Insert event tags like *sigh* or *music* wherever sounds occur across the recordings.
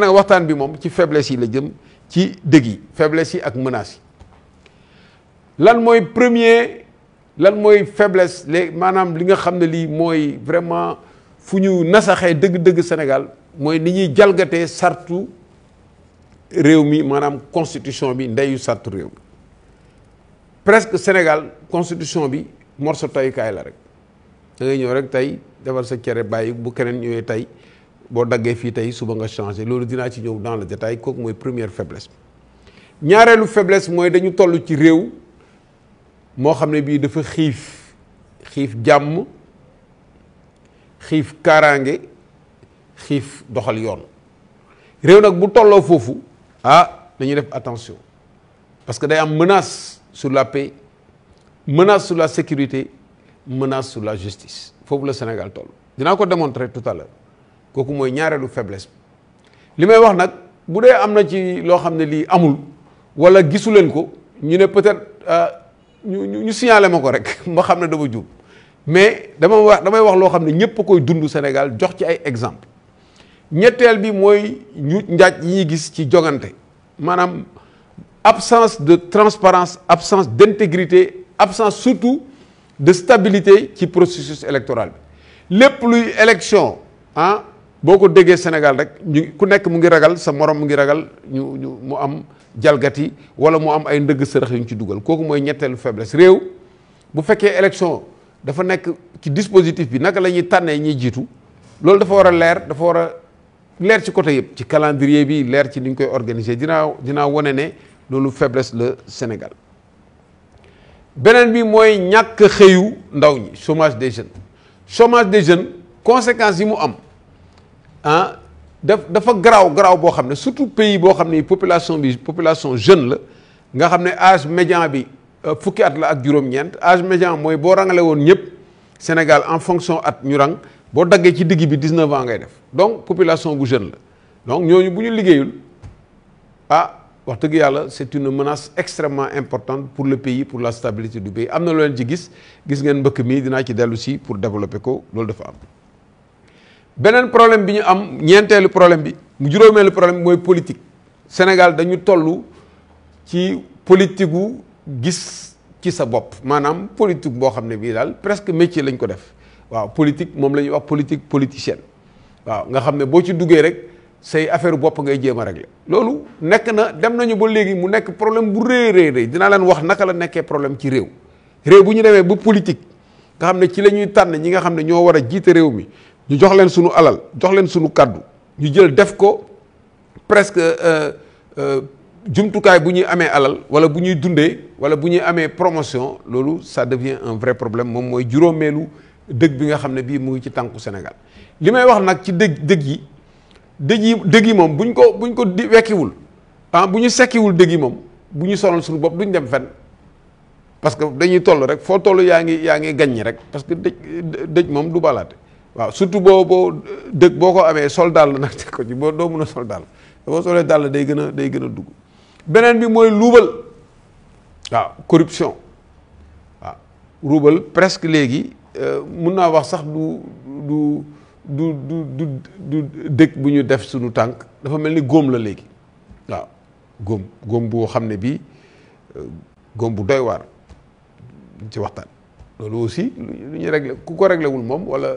te un waxtaan bi moom ci faiblesse yi la jëm ci dëgg yi faiblesse yi ak menaces lan mooy premier lan mooy faiblesse léegi maanaam li nga xam ne lii vraiment fu ñu nasaxee dëgg Sénégal mooy ni ñuy jalgatee sartu réew mi constitution bi ndeyu sartu réew presque Sénégal constitution bi morso tayukaay la rek da ngay ñëw rek tey defar sa cere bàyyi bu keneen ñëwee tey boo daggee fii tey suba nga changé loolu dinaa ci ñëw dans le détail kooku mooy première faiblesse ñaareelu faiblesse mooy dañu toll ci réew moo xam ne bii dafa xiif xiif jàmm xiif kaaraange xiif doxal yoon réew nag bu tolloo foofu ah dañuy def attention parce que day am menace sur la paix menace sur la sécurité menace sur la justice foofu le Sénégal toll dinaa ko démontrer tout à l'heure kooku moy ñaareelu faiblesse limay wax nak bu amna ci lo xamné li amul wala gisu leen ko ñu ne peut-être euh, ñu ñu signaler mako rek *laughs* ma xamné ne dama jub mais dama wax damay wax lo xamné ñepp koy dund Sénégal jox ci ay exemple ñettel bi moy ñu njaaj yi ñuy gis ci jogante manam absence de transparence absence d'intégrité absence surtout de stabilité ci processus électoral bi luy élection hein boko ko Sénégal rek ñu ku nekk mu ngi ragal sa morom mu ngi ragal ñu mu am wala mu am ay faiblesse bu élection dafa dispositif bi naka dafa dafa ci calendrier bi lèr ci ni organiser faiblesse Sénégal benen bi ndaw ñi chômage des jeunes chômage des jeunes conséquences ah dafa graw graw bo xamné surtout pays bo xamné population bi population jeune la nga xamné âge médian bi euh, fukki at la ak juróom ñent âge médian moy bo rangale won ñep Sénégal en fonction at ñu rang boo ci digg bi 19 ans ngay def donc population bu jeune la donc ñooñu buñu ligéyul ah wax dëgg c'est une menace extrêmement importante pour le pays pour la stabilité du pays amna lo loo leen ci gis gis ngeen mbëkk mi dina ci dellu pour développer ko loolu dafa am. beneen problème bi ñu am ñeenteelu problème bi mu juróomeelu problème bi mooy politique Sénégal dañu toll ci politique gu gis ci sa bopp maanaam politique boo xam ne bii daal presque métier lañ ko def waaw politique moom la ñuy wax politique politicienne waaw nga xam ne boo ci duggee rek say affaire bopp ngay jéem a régler loolu nekk na dem nañu ba léegi mu nekk problème bu rëy rëy dinaa leen wax naka la nekkee problème ci réew réew bu ñu demee ba politique xam ne ci la ñuy tànn ñi nga xam ne ñoo war a jiite réew mi ñu jox leen suñu alal jox leen suñu kàddu ñu jël def ko presque euh, euh, jumtukaay bu ñuy amee alal wala bu ñuy dundee wala bu ñuy amee promotion loolu ça devient un vrai problème moom mooy juróomeelu dëgg bi nga xam ne bii mu ngi ci tànku Sénégal li may wax nag ci dëgg dëgg yi dëgg yi dëgg yi moom buñ ko buñ ko di wekkiwul ah bu ñu sekkiwul dëgg yi moom bu ñu sonal suñu bopp duñ dem fenn parce que dañuy toll rek foo toll yaa ngi yaa ngi gaññi rek parce que dëj dëj moom du balaate waaw surtout boo boo dëkk boo ko amee sol dàll *laughs* nag teg ko ci boo doo mun a sol dàll boo solee dàll day gën a day gën a dugg beneen bi mooy luubal waaw corruption waaw ruubal presque léegi euh, mun naa wax sax du du du du du du dëkk bu ñu def suñu tànk dafa mel ni góom la léegi waaw góom góom boo xam ne bii euh, góom bu doy waar ci waxtaan loolu aussi lu ñu réglé ku ko réglé moom wala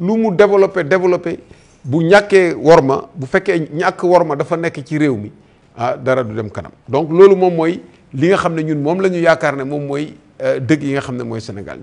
lu mu développé développé bu ñàkkee worma bu fekkee ñàkk worma dafa nekk ci réew mi ah dara du dem kanam donc loolu moom mooy li nga xam ne ñun moom la ñu yaakaar ne moom mooy euh, dëgg yi nga xam ne mooy Sénégal